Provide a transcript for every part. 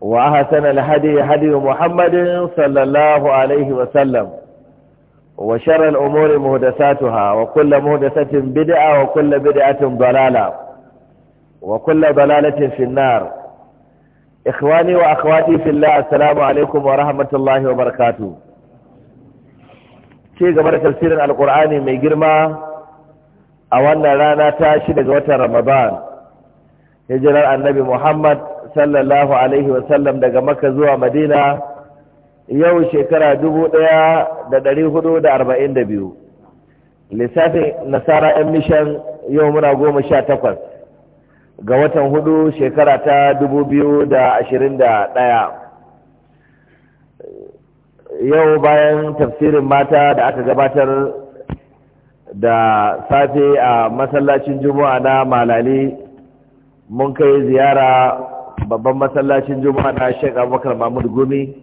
وأحسن الهدي هدي محمد صلى الله عليه وسلم وشر الأمور مهدساتها وكل مهدسة بدعة وكل بدعة ضلالة وكل ضلالة في النار إخواني وأخواتي في الله السلام عليكم ورحمة الله وبركاته شيء قبل تفسير القرآن من جرمى أولنا لا نتاشي لقوة رمضان هجر النبي محمد sallallahu alaihi wasallam daga maka zuwa madina yau shekara dubu daya da da arba'in da biyu. lissafin nasara 'yan mishan yau muna goma sha takwas ga watan hudu shekara ta dubu biyu da da yau bayan tafsirin mata da aka gabatar da safe a masallacin juma'a na malali mun kai ziyara babban masallacin juma'a na Sheikh Abubakar Mahmud Gumi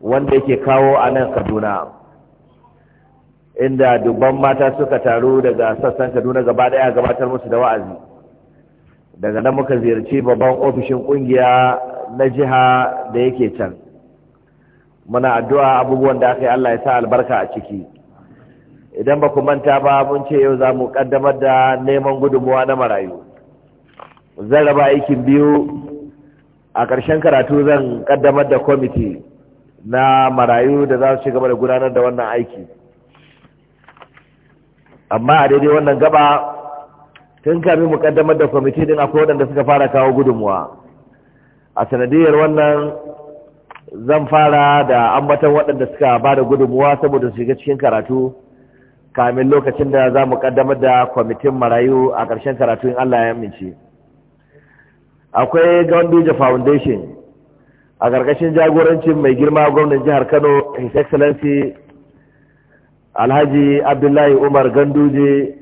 wanda yake kawo a nan Kaduna inda dubban mata suka taru daga sassan Kaduna gaba daya gabatar musu da wa'azi daga nan muka ziyarci babban ofishin kungiya na jiha da yake can muna addu'a abubuwan da aka yi Allah ya sa albarka a ciki idan ba ku manta ba mun ce yau za mu kaddamar da neman gudunmuwa na marayu Zan raba aikin biyu a ƙarshen karatu zan ƙaddamar da kwamiti na marayu da za su ci gaba da gudanar da wannan aiki amma a daidai wannan gaba tun kami mu ƙaddamar da kwamiti din akwai waɗanda suka fara kawo gudunmuwa a sanadiyar wannan zan fara da ambatan waɗanda suka ba da gudunmuwa saboda su shiga cikin karatu kamin lokacin da za mu ƙaddamar da kwamitin marayu a ƙarshen karatu in Allah ya amince. akwai ganduje foundation a ƙarƙashin jagorancin mai girma gwamnan jihar kano his excellency alhaji abdullahi umar ganduje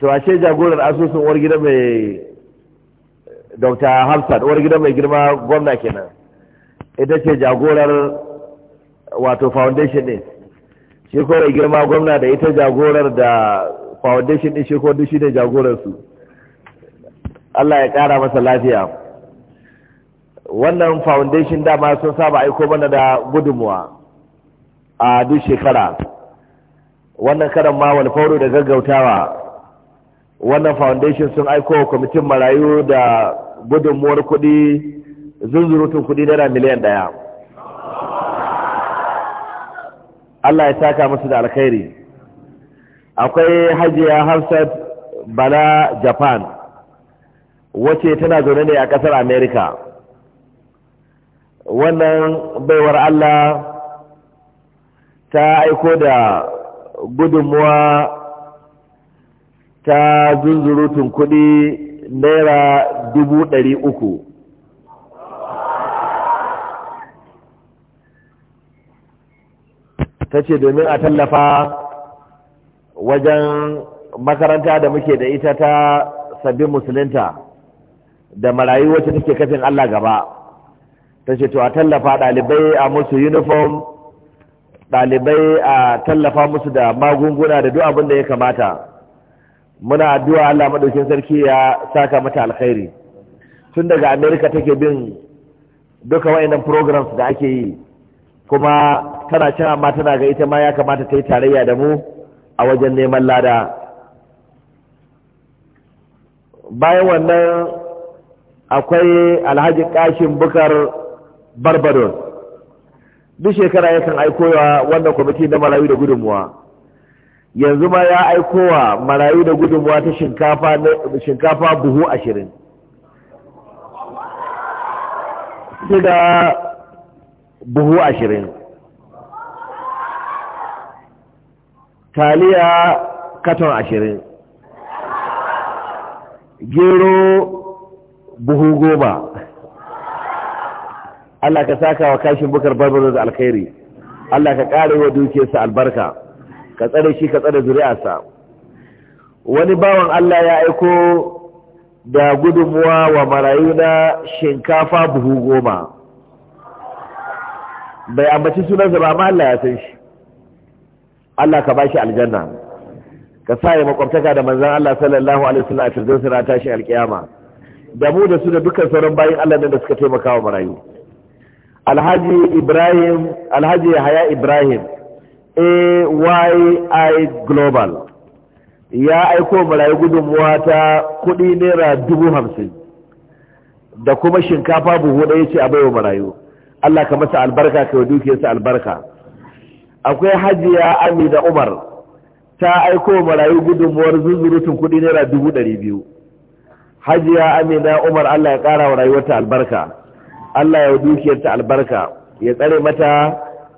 to a ce jagorar asusun uwar gida mai dr hamsad uwar gida mai girma gwamna kenan ita ce jagorar wato foundation ne shi kawai girma gwamna da ita jagorar da foundation din ko duk shi ne jagoransu Allah ya kara masa lafiya wannan foundation dama sun saba aiko mana da gudunmuwa a duk shekara wannan karan ma wani fauro da gaggautawa wannan foundation sun aiko wa kwamitin marayu da gudunmuwar kuɗi zunzurutun kuɗi naira miliyan ɗaya Allah ya saka musu da alkhairi akwai hajiya hafsat bala japan wace tana zaune ne a ƙasar america wannan baiwar allah ta aiko da gudunmuwa ta zunzurutun kuɗi naira dubu ɗari uku ta ce domin a tallafa wajen makaranta da muke da ita ta sabbin musulunta da marayu wacce take kafin Allah gaba ta ce to a tallafa dalibai a musu uniform dalibai a tallafa musu da magunguna da duk abin da ya kamata muna addu'a Allah madaukin sarki ya saka mata alkhairi tun daga america take bin duka wayannan programs da ake yi kuma tana can amma tana ga ita ma ya kamata ta yi tarayya da mu a wajen neman lada bayan wannan akwai alhaji kashin bukar barbados duk shekara yakan aikowa wannan kwamiti na marayu da gudunmuwa yanzu ma ya aiko wa marayu da gudunmuwa ta shinkafa buhu ashirin buhu ashirin taliya katon ashirin gero buhu goma Allah ka saka wa kashin bukar da alkhairi Allah ka ƙare wa dukiyarsa albarka ka tsare shi ka tsare zuri'arsa wani bawan Allah ya aiko da gudunmuwa wa marayu na shinkafa buhu goma bai ambaci sunansa ba amma Allah ya san shi Allah ka bashi aljanna ka sa ya makwabtaka da manzon Allah sallallahu alaihi wasallam a firdausi na tashi alkiyama da mu da su da dukkan sauran bayin Allah da suka taimaka wa marayu Alhaji Ibrahim Alhaji Yahaya Ibrahim AYI Global ya aiko marayu gudunmuwa ta kudi naira dubu hamsin da kuma shinkafa buhu ɗaya ce a baiwa marayu Allah ka masa albarka ka wa dukiyarsa albarka akwai hajiya ami da umar ta aiko marayu gudunmuwar zuzurutun kudi naira dubu ɗari biyu hajiya ami da umar allah ya ƙara wa rayuwarta albarka allah ya dukiyarta albarka ya tsare mata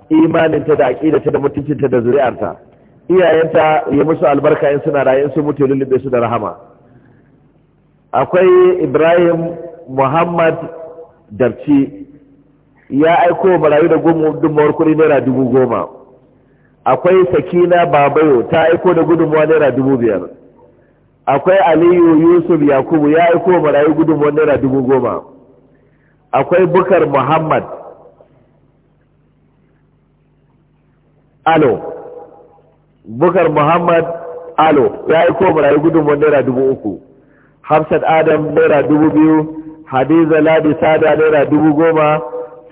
imaninta da aƙidata da mutuncinta da zuri'arta iyayenta ya musu albarka in suna rayu su mutu lullube su da rahama akwai ibrahim muhammad darci ya aiko marayu da gudunmuwar kudi naira dubu goma akwai sakina babayo ta aiko da gudunmuwa naira dubu biyar akwai aliyu yusuf yakubu ya aiko marayu gudunmuwa naira dubu goma akwai bukar muhammad alo bukar muhammad alo ya aiko marayu gudunmuwa naira dubu uku hafsat adam naira dubu biyu hadiza ladi sada naira dubu goma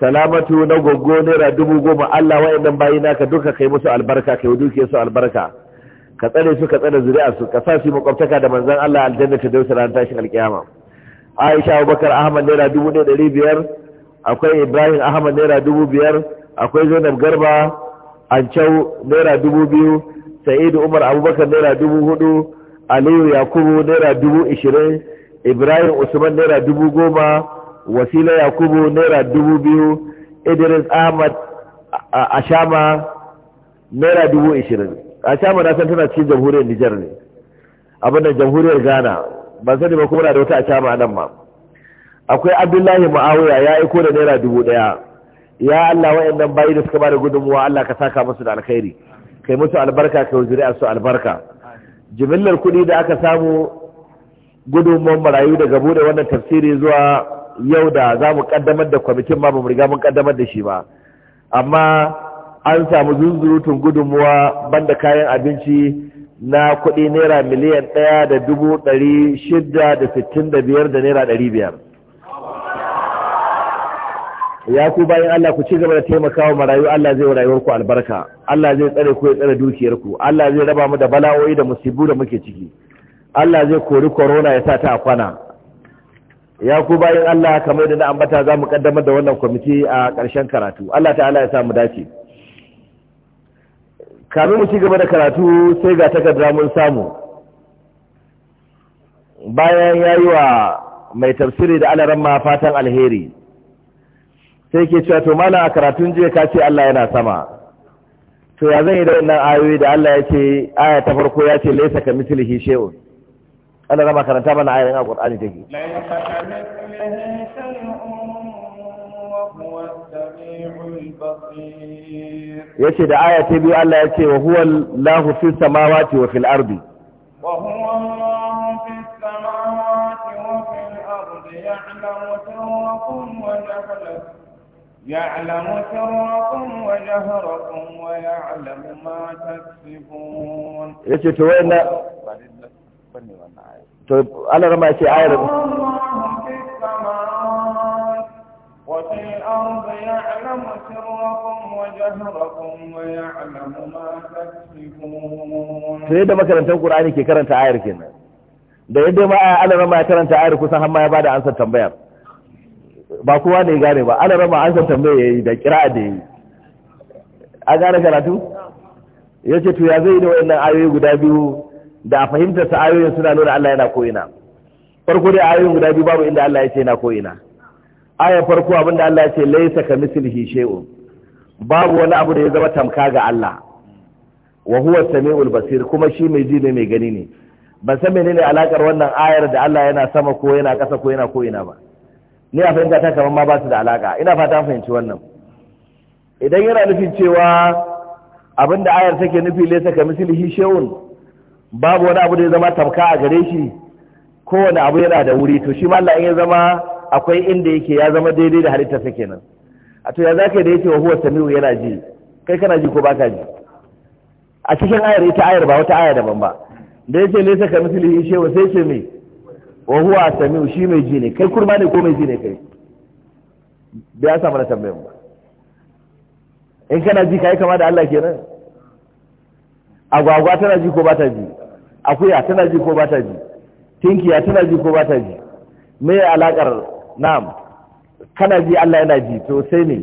salamatu na goggo naira dubu goma Allah wa'annan bayi naka duka kai musu albarka kai duke su albarka ka tsare su ka tsare zuri'a su ka sa su makwabtaka da manzon Allah aljanna ta dausa ran tashin alkiyama Aisha Abubakar Ahmad naira dubu ɗari biyar akwai Ibrahim Ahmad naira dubu biyar akwai Zainab Garba Ancau naira dubu biyu Sa'idu Umar Abubakar naira dubu hudu Aliyu Yakubu naira dubu ishirin Ibrahim Usman naira dubu goma wasila yakubu naira dubu biyu idris ahmad ashama naira dubu ishirin ashama na san tana cikin jamhuriyar nijar ne abinda jamhuriyar ghana ban sani ba kuma na da wata ashama a nan ma akwai abdullahi ma'awuya ya aiko da naira dubu daya ya allah wa'annan bayi da suka ba da gudunmuwa allah ka saka musu da alkhairi kai musu albarka kai zuri'ar su albarka jimillar kuɗi da aka samu gudunmuwan marayu daga buɗe wannan tafsiri zuwa yau da za mu kaddamar da kwamitin ma ba mu riga mun kaddamar da shi ba amma an samu zunzurutun gudunmuwa banda kayan abinci na kuɗi naira miliyan ɗaya da dubu ɗari shida da sittin da biyar da naira ɗari biyar ya ku bayan Allah ku ci gaba da taimakawa marayu Allah zai rayuwar ku albarka Allah zai tsare ku ya tsare dukiyar ku Allah zai raba mu da bala'o'i da musibu da muke ciki Allah zai kori corona ya sa ta a kwana ya ku bayan Allah kamar da na ambata za mu kaddamar da wannan kwamiti a ƙarshen karatu Allah ta'ala ya sa dace kamar mu ci gaba da karatu sai ga takardar mun samu bayan yayi wa mai tafsiri da Allah ramma fatan alheri sai ke cewa to mana a karatun jiya ka ce Allah yana sama to ya zan yi da wannan ayoyi da Allah ya ce aya ta farko ya ce laisa kamithlihi shay'un أنا لما كنت أنا عايز أنا أقول أنا تجي. يشهد آية تبي الله يشهد وهو الله في السماوات وفي الأرض. وهو الله في السماوات وفي الأرض يعلم سركم وجهركم ويعلم ما تكسبون. يشهد وين؟ to Allah rama ce ayar to yadda makarantar ƙura'ani ke karanta ayar kenan da yadda ma Allah rama ya karanta ayar kusan hamma ya bada ansar tambayar ba kowa ne gane ba Allah rama ansar tambayar yi da kira da yi. a gane karatu yace to ya zai da nan ayoyi guda biyu da a fahimtar sa ayoyin suna nuna Allah yana ko'ina farko dai ayoyin guda biyu babu inda Allah ya ce yana ko'ina aya farko abinda Allah ya ce laisa ka mislihi shay'un babu wani abu da ya zama tamka ga Allah wa huwa samiul basir kuma shi mai ji ne mai gani ne ban san menene alakar wannan ayar da Allah yana sama ko yana kasa ko yana koyina ba ni a fahimta ta kamar ma ba su da alaka ina fata fahimci wannan idan yana nufin cewa abinda ayar take nufi laisa ka mislihi shay'un babu wani abu da ya zama tamka a gare shi kowane abu yana da wuri to shi ma Allah in ya zama akwai inda yake ya zama daidai da halitta sa kenan a to ya zaka da yake wa huwa samiu yana ji kai kana ji ko baka ji a cikin ayar ita ayar ba wata aya daban ba da yake ne saka misali shi shewa sai ce me wa huwa samiu shi mai ji ne kai kurma ne ko mai ji ne kai bai ya samu na tambayin ba in kana ji kai kama da Allah kenan agwagwa tana ji ko ba ta ji akuya tana ji ko ba ta ji tinkiya tana ji ko ba ta ji me alakar na'am kana ji Allah yana ji to sai ne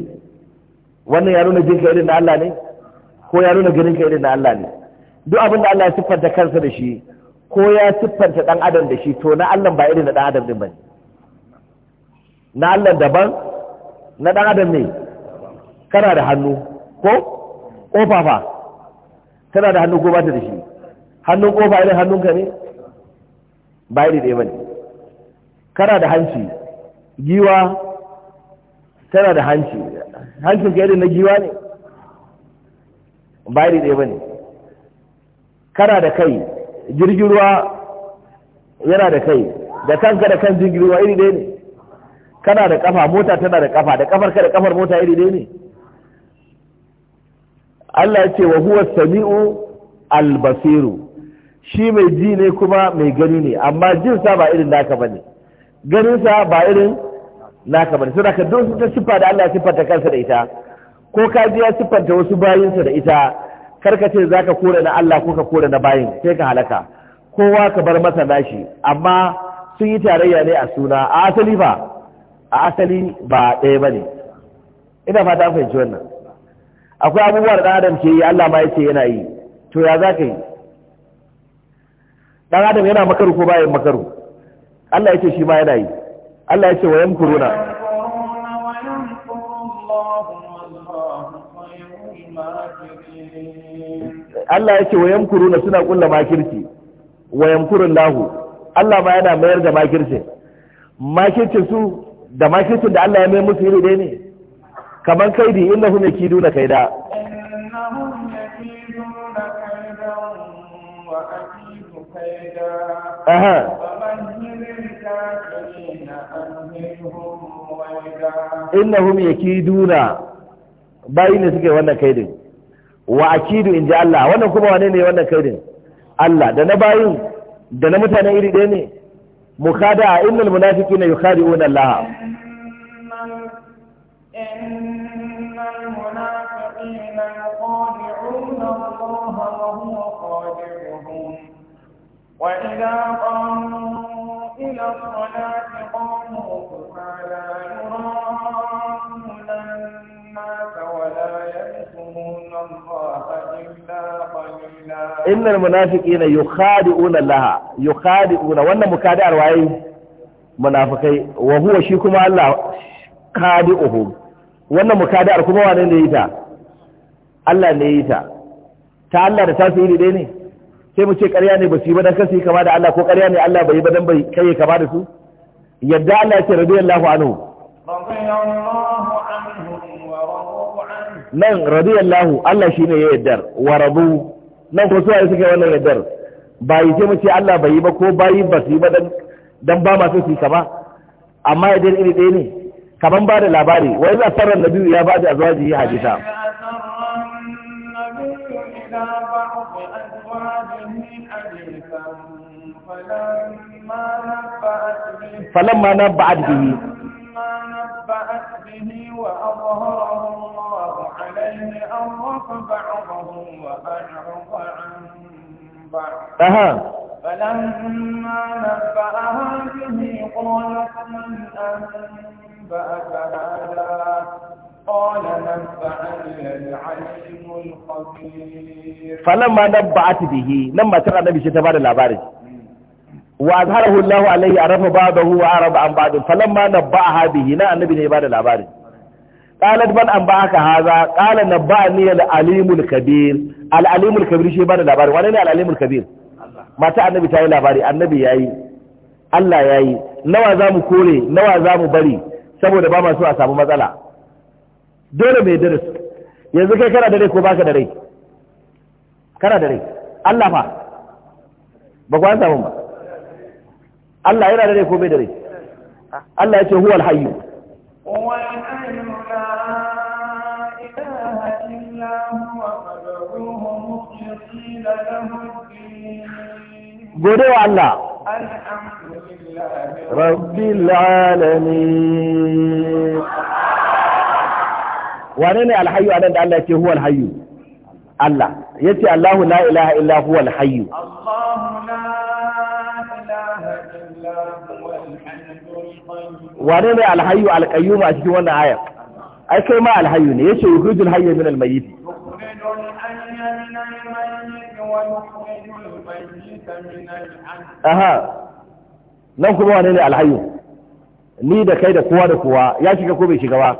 wannan ya nuna jinka irin na Allah ne ko ya nuna ganin ka irin na Allah ne duk abin da Allah ya siffanta kansa da shi ko ya siffanta dan adam da shi to na Allah ba irin na dan adam din bane na Allah daban na dan adam ne kana da hannu ko kofafa kana da hannu ko ba ta da shi hannun kofa irin hannunka ne ba iri ɗaya bane kana da hanci giwa tana da hanci hancin ka irin na giwa ne ba iri ɗaya bane kana da kai jirgin ruwa yana da kai da kanka da kan jirgin ruwa iri ɗaya ne kana da kafa mota tana da kafa da kafar ka da kafar mota iri ɗaya ne Allah ya ce wa huwa sami'u al-basiru shi mai ji ne kuma mai gani ne amma jinsa ba irin naka ba ne ganinsa ba irin naka ba ne suna ka don ta siffa da Allah ya siffanta kansa da ita ko ka ji ya siffanta wasu bayinsa da ita karka ce za ka kore na Allah ko ka kore na bayin sai ka halaka kowa ka bar masa nashi amma sun yi tarayya ne a suna a asali ba a asali ba ɗaya ba ne ina fata fahimci wannan akwai abubuwa da ɗan adam ke yi Allah ma ya ce yana yi to ya za ka yi dan adam yana makaru ko bayan makaru Allah yake shi ma yana yi Allah yake wa kuruna Allah yake wa kuruna suna kulla makirci wa kurun lahu Allah ma yana mayar da makirci. Makirci su da makircin da Allah ya mai musu iri ne kamar kaidi innahu yakiduna kaida innahum yakiduna bayi ne suke wannan kaidin wa akidu inji Allah wannan kuma wane ne wannan kaidin Allah da na bayin da na mutanen iri ɗaya ne mukada innal munafiqina yukhadi'una Allah innal munafiqina yukhadi'una Allah wa huwa وإذا قاموا إلى الصلاة قاموا كما يراءون الناس ولا يذكرون الله إلا قليلا إن المنافقين يخادعون الله يخادعون وأن مكادع الوعي منافقي وهو شيكم الله خادعهم wannan mukada'ar kuma wane ne ita Allah ne ita ta Allah da tasiri dai ne sai mu ce ƙarya ne ba su yi ba dan kasu yi kama da Allah ko ƙarya ne Allah bai yi ba dan bai kai ya kama da su yadda Allah ce rabi radiyallahu anhu nan radiyallahu Allah shine ya yaddar wa rabu nan ko suwaye suke wannan yaddar yi sai mu ce Allah bai yi ba ko bayi ba su yi ba dan ba masu su kama amma yadda iri ɗaya ne kaman ba da labari wai za sarar nabi ya ba da azwaji ya hadisa بعض أزواجه حديثا فلما نبأت به فلما نبأت به فلما نبأت به وأظهره الله عليه أرف بعضه وأعرض عن بعض أها فلما نبأها به قالت من أنبأك هذا قال فلما نبعت به لما ترى النبي شتبار الأبارج وأظهره الله عليه عرف بعضه وعرف عن بعض فلما نبعها به لا النبي بعد الأبارج قالت من أنبعك هذا قال نبعني العليم الكبير العليم الكبير بعد الأبارج وانا العليم الكبير ما تأى النبي تعالى الأبارج النبي يأي الله يأي nawa زامو كوري kore زامو بري mu bari saboda ba masu a samu matsala dole mai darasi yanzu kai kana da rai ko baka da rai kana da rai Allah fa ba ku an samu ba Allah yana da rai ko bai da rai Allah ya ce huwal hayyu huwal hayyu la ilaha illa huwa fad'uhu mukhlisina lahu gode wa Allah rabbil alamin wane ne alhayyu anan da Allah ya ce huwa alhayyu Allah ya ce Allahu la ilaha illa huwa alhayyu wane ne alhayyu alqayyum a cikin wannan ayar ai kai ma alhayu ne yace yukhrijul hayya min almayyit aha nan kuma wane ne alhayyu ni da kai da kowa da kowa ya shiga ko bai shiga ba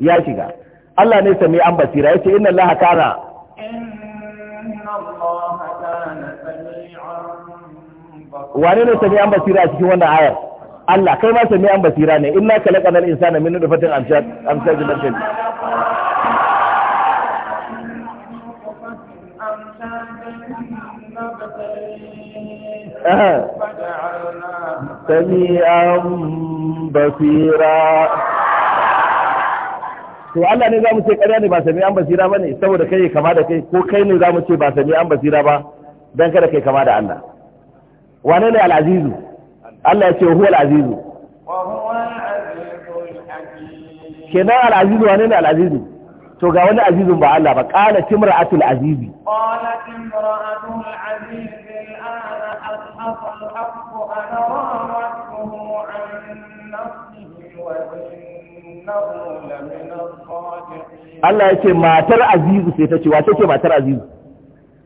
ya shiga Allah ne sami an basira yace inna Allah kana wane ne sami an basira a cikin wannan ayar Allah kai ma sami an basira ne inna khalaqana al-insana min nutfatin amshaj amshaj nabtin فجعلناه سميعا بصيرا to Allah ne za mu ce ƙarya ne ba sami an basira ba ne saboda kai kama da kai ko kai ne za mu ce ba sami an basira ba don kada kai kama da Allah wane ne al'azizu Allah ya ce huwa al'azizu kenan al'azizu wane ne al'azizu to ga wani azizun ba Allah ba qala timra'atul azizi qala timra'atul azizi al'ana ashaqa al-haqqu ana Allah ya ce matar azizu sai ta ce wace ce matar azizu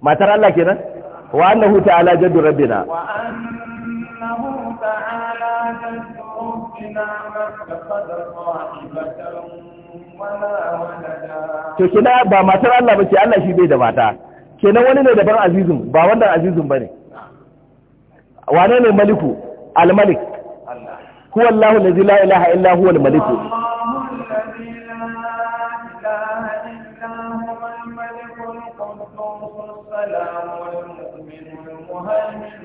matar Allah kenan wa annahu ta'ala jaddu rabbina wa annahu ta'ala jaddu rabbina to kina ba matar Allah bace Allah shi bai da mata kenan wani ne daban azizun ba wannan azizun bane wane ne maliku al-malik huwa Allahu la ilaha illa huwa al السلام المؤمن المهيمن العزيز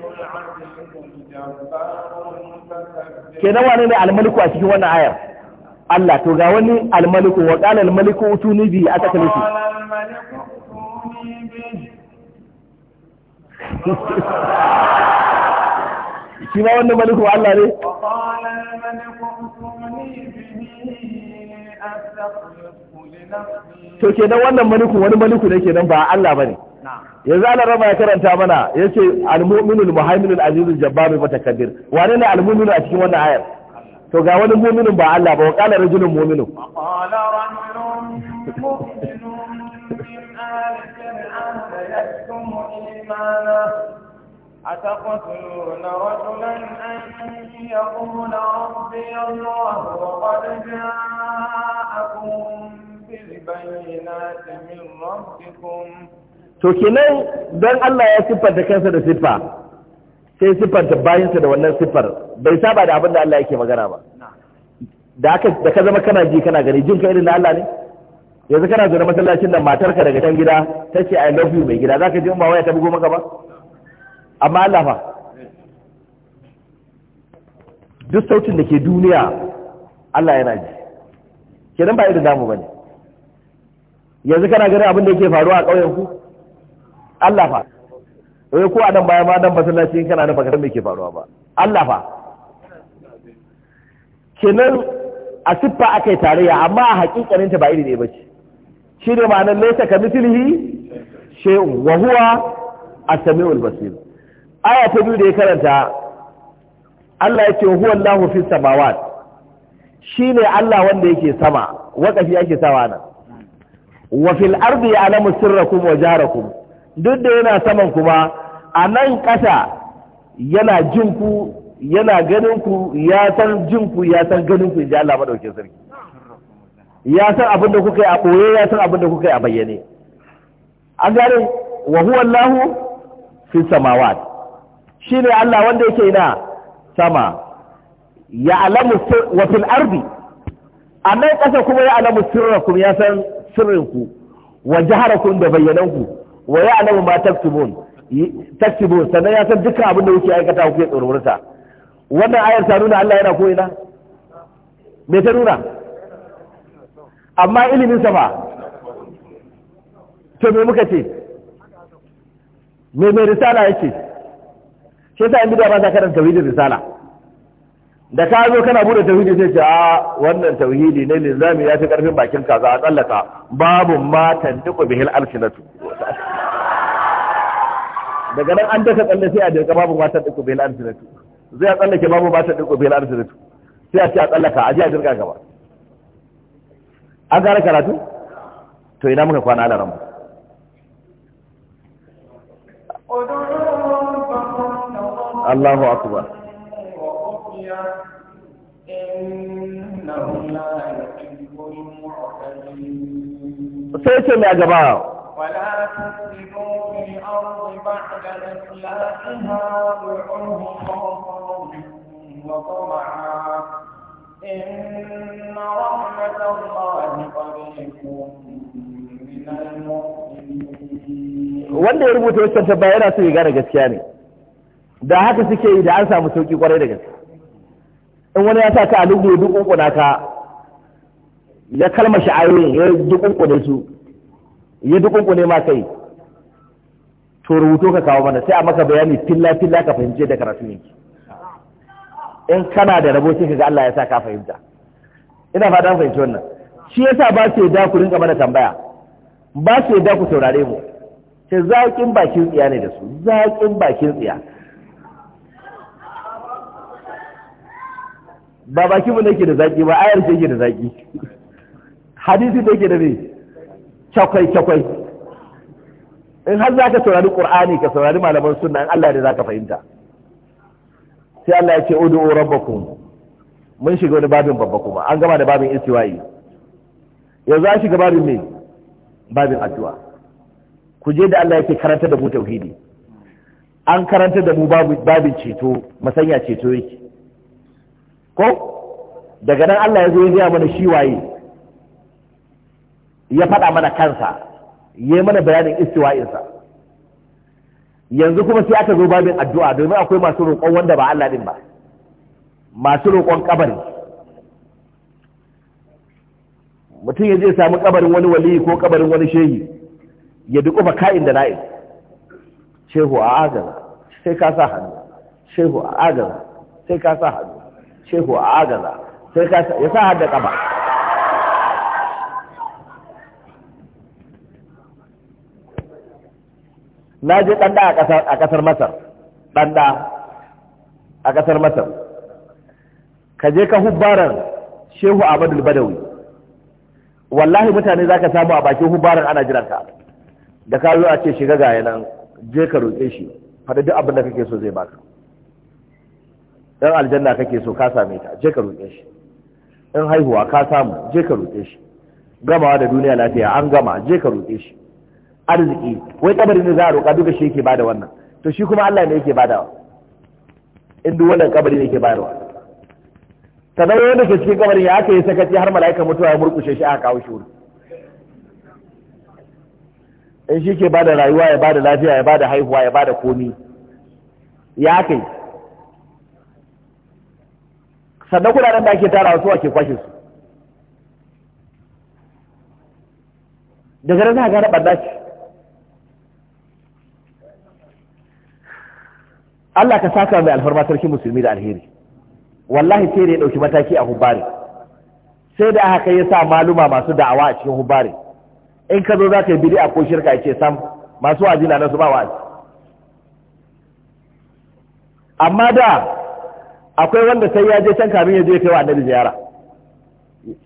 الجبار المتكبر كده وانا ne almaliku a cikin wannan ayar Allah to ga wani almaliku wa qala almaliku utuni bi aka kalle shi ma wannan maliku Allah ne to kenan wannan maliku wani maliku ne kenan ba Allah bane yanzu Allah rama ya karanta mana yace al-mu'minul muhaiminul azizul jabbarul mutakabbir wane ne al-mu'minu a cikin wannan ayar to ga wani mu'minin ba Allah ba wa qala rajulun mu'minun qala rajulun mu'minun min ali fir'aun yaktumu imanahu أتقتلون رجلا أن يقول ربي الله وقد جاءكم بالبينات من ربكم to kenan don Allah ya siffanta kansa da siffa sai siffanta bayansa da wannan siffar bai saba da abin da Allah yake magana ba da aka da ka zama kana ji kana gani jin ka irin na Allah ne yanzu kana zo na masallacin matar matarka daga can gida ta ce I love you mai gida zaka ji ba waya ta bugo maka ba amma Allah fa duk sautin da ke duniya Allah yana ji kenan ba irin namu bane yanzu kana ganin abin da yake faruwa a ƙauyen ku Allah fa wai eh, ko a nan baya ma dan masallaci kana da baka mai ke faruwa ba Allah fa kenan a siffa akai tarayya amma a hakikanin ta ba iri ne ba ce. shi ne nan laysa ka mithlihi shay'un wa huwa as-sami'ul aya ta biyu da ya karanta Allah yake huwa Allahu fi samawat ne Allah wanda yake sama wakafi ake sawa nan wa fil ardi ya'lamu sirrakum wa jarakum duk da yana saman kuma a nan ƙasa yana jin ku yana ganin ku ya san jin ku ya san ganin ku Allah madaukakin sarki ya san abin da kuka yi a ɓoye ya san abin da kuka yi a bayyane an gane wa huwa Allahu fi samawat shine Allah wanda yake ina sama ya alamu wa fil ardi a nan ƙasa kuma ya alamu sirrakum ya san sirrinku wa jaharakum da bayyananku wa alamu ma taktubun taktubun sannan ya san dukkan abin da kuke aikata kuke tsororta wannan ayar ta nuna Allah yana ko ina me ta nuna amma ilimin sa ba to me muka ce me me risala yake shi sa in ba za ka karanta tauhidin risala da ka zo kana bude tauhidi sai ce a ah, wannan tauhidi ne lizami ya fi karfin bakin za a tsallaka babu ma tantiku bihil alsinatu daga nan an dasa tsalle sai a dirka babu matar ɗin kubela arzinatu zai a tsallake babu matar ɗin kubela arzinatu sai a ce a tsallaka a ji a dirka gaba an gara karatu to ina muka kwana da ranmu Allahu akbar sai ce mai gaba الأرض بعد إسلامها ودعوه خوفا وطمعا إن رحمة الله wanda ya rubuta wancan tabba yana so ya gane gaskiya ne da haka suke yi da an samu sauki kwarai da gaske in wani ya sa ka a lugu duk kunkuna ka ya kalma ayoyin ya duk kunkune su ya duk kunkune ma kai to rubuto ka kawo mana sai a maka bayani filla filla ka fahimce da karatu yanki in kana da rabo sai kaga Allah ya sa ka fahimta ina fata fahimci wannan shi yasa ba su da ku rinka mana tambaya ba su da ku saurare mu sai zaƙin bakin tsiya ne da su zaƙin bakin tsiya ba baki mu nake da zaƙi ba ayar ce ke da zaƙi hadisi nake da me kyakwai kyakwai in har zaka saurari qur'ani ka saurari malaman sunna in Allah da zaka fahimta sai Allah ya ce ud'u rabbakum mun shiga wani babin babba kuma an gama da babin istiwa'i yanzu an shiga babin me babin addu'a ku je da Allah yake karanta da mu tauhidi an karanta da mu babin ceto masanya ceto yake ko daga nan Allah ya zo ya gaya mana shi waye ya faɗa mana kansa yayi mana bayanin istiwa'insa yanzu kuma sai aka zo babin addu'a domin akwai masu roƙon wanda ba Allah din ba masu roƙon kabari mutum ya je samu kabarin wani wali ko kabarin wani shehi ya duƙufa ka'in da na'in shehu a agaza sai ka sa hannu shehu a agaza sai ka sa hannu shehu a agaza sai ka sa ya sa har da ƙaba na je ɗanɗa a ƙasar masar ɗanɗa a ƙasar masar ka je ka hubbaran shehu Ahmadu badawi wallahi mutane za ka samu a bakin hubbaran ana jiranka da ka a ce shiga gaya nan je ka roƙe shi faɗi duk abin da kake so zai baka Ɗan aljanna kake so ka same ta je ka roƙe shi in haihuwa ka samu je ka roƙe shi gamawa da duniya lafiya an gama je ka roƙe shi arziki wai kabarin ne za a roƙa duka shi yake bada wannan to shi kuma Allah ne yake badawa in duk wannan kabari ne yake bayarwa sannan wanda ke cikin kabarin ya aka yi sakaci har mala'ika mutuwa ya murkushe shi aka kawo shi wuri in shi ke bada rayuwa ya bada lafiya ya bada haihuwa ya bada komi ya aka yi sannan kudaden da ake tara wasu ake kwashe su daga nan za a gane ɓanna ce Allah ka saka mai alfarma sarki musulmi da alheri wallahi sai da ya ɗauki mataki a hubbari sai da aka ya sa maluma masu da'awa a cikin hubbari in ka zo za ka yi bid'a ko shirka ya ce sam masu wa'azi na su ba wa'azi amma da akwai wanda sai ya je can kamin ya je ya kai wa annabi ziyara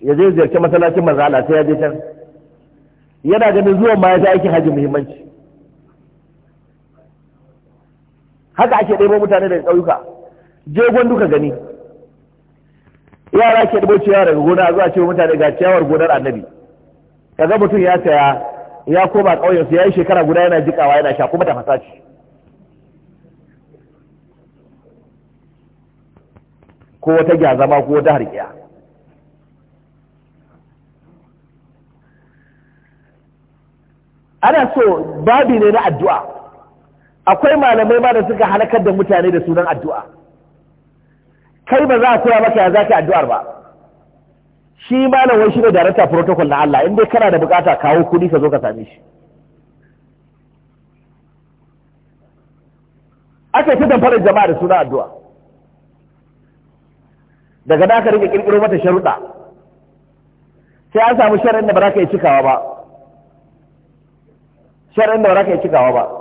ya je ziyarci masallacin manzo Allah sai ya je can yana ganin zuwan ma ya ta aikin hajji muhimmanci haka ake ɗebo mutane daga ƙauyuka je duka gani yara ke ɗaiɓo ciyawa daga gona zuwa ce mutane ga ciyawar gonar annabi kaga mutum ya saya ya koma ƙauyensu ya yi shekara guda yana jiƙawa yana sha kuma tafasa ci ko wata gyazama ko wata harkiya ana so babi ne na addu'a akwai malamai ma da suka halakar da mutane da sunan addu'a kai ba za a koya maka ya za ka addu'ar ba shi malam shi ne darata protocol na Allah in dai kana da bukata kawo kudi ka zo ka same shi aka ta damfara jama'a da sunan addu'a daga da aka rike kirkiro mata sharuɗa sai an samu sharin da ba za ka yi cikawa ba da ba za ka yi cikawa ba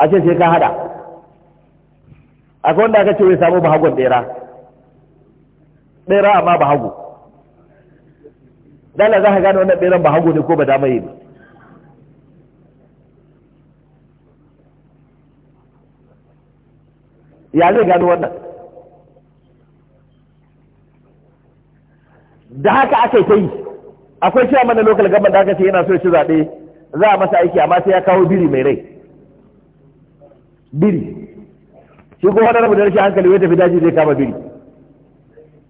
a ce sai ka hada akwai wanda aka ce wai samu bahagon ɗera ɗera amma bahago dala za ka gane wannan ɗeran bahago ne ko ba dama yi ne ya zai gano wannan da haka aka yi ta yi akwai cewa mana lokal gaban da aka ce yana so ya ci zaɓe za a masa aiki amma sai ya kawo biri mai rai biri shi ko wani rabu da rashin hankali wai tafi daji zai kama biri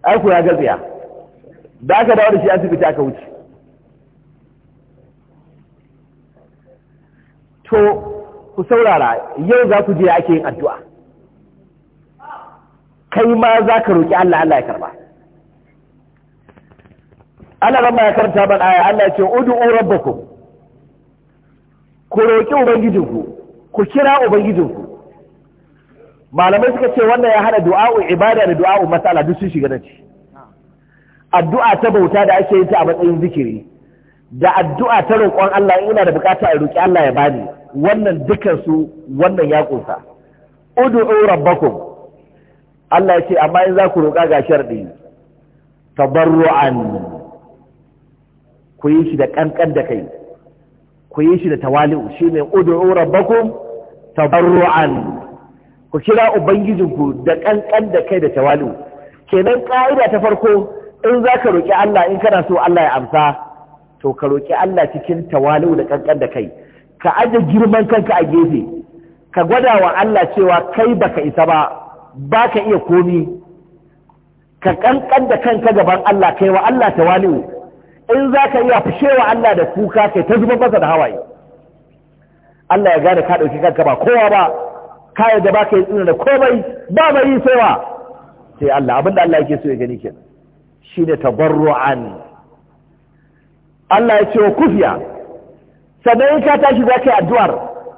ai ya ga tsiya da aka dawo da shi asibiti aka wuce to ku saurara yau za ku je ake yin addu'a kai ma za ka roƙi Allah Allah ya karba Allah ran ya karanta ban aya Allah ya ce ud'u rabbakum ku roƙi ubangijinku ku kira ubangijinku malamai suka ce wannan ya hada du'a'u ibada da du'a'u matsala duk sun shiga da ci addu'a ta bauta da ake yin ta a matsayin zikiri da addu'a ta roƙon Allah in ina da bukata a roƙi Allah ya bani wannan dukan su wannan ya kunsa ud'u rabbakum Allah ya ce amma in za ku roƙa ga sharɗi tabarru'an ku yi shi da ƙanƙan da kai ku yi shi da tawali'u shine ud'u rabbakum tabarru'an ku kira ubangijinku da ƙanƙan da kai da tawali'u kenan ƙa'ida ta farko in za ka roƙi Allah in kana so Allah ya amsa to ka roƙi Allah cikin tawali'u da ƙanƙan da kai ka aje girman kanka a gefe ka gwada wa Allah cewa kai baka isa ba ba ka iya komi ka ƙanƙan da kanka gaban Allah kai wa Allah tawali'u in za ka iya fushe wa Allah da kuka kai ta zuba masa da hawaye Allah ya gane ka ɗauki kanka ba kowa ba ka da baka yi tsina da komai ba mai yi saiwa sai Allah abinda Allah yake so ya gani kenan shine tabarru'an Allah ya ce wa kufiya sannan in ka tashi za ka yi addu'ar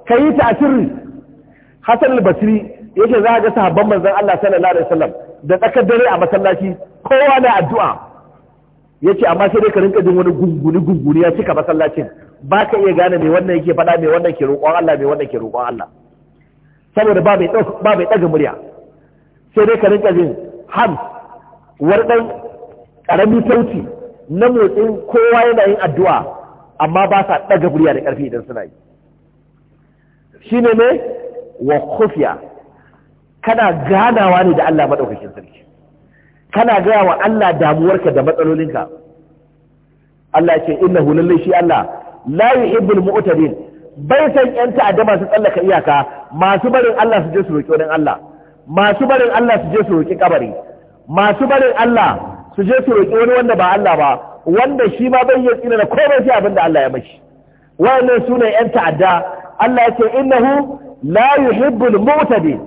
ka yi ta asiri hasan al-Basri yake za ga sahabban manzon Allah sallallahu alaihi wasallam da tsakar dare a masallaci kowa na addu'a yace amma sai dai ka rinka jin wani gunguni gunguni ya cika masallacin Baka ka iya gane me wannan yake faɗa me wannan ke roƙon Allah me wannan ke roƙon Allah saboda ba bai ɗaga murya sai dai ka rinka jin ham wani ɗan ƙarami sauti na motsin kowa yana yin addu'a amma ba sa ɗaga murya da ƙarfi idan suna yi shi ne ne wa kufiya kana ganawa ne da Allah maɗaukakin sarki kana gaya wa Allah damuwarka da matsalolinka Allah ce innahu hulalle shi Allah la yuhibbul mu'tadin bai san yan ta'adda masu tsallaka iyaka masu barin Allah su je su roƙi wurin Allah masu barin Allah su je su roƙi kabari masu barin Allah su je su roƙi wani wanda ba Allah ba wanda shi ma bai yi tsina da komai sai abin da Allah ya mashi wannan sune yan ta'adda Allah ya ce innahu la yuhibbul mu'tadin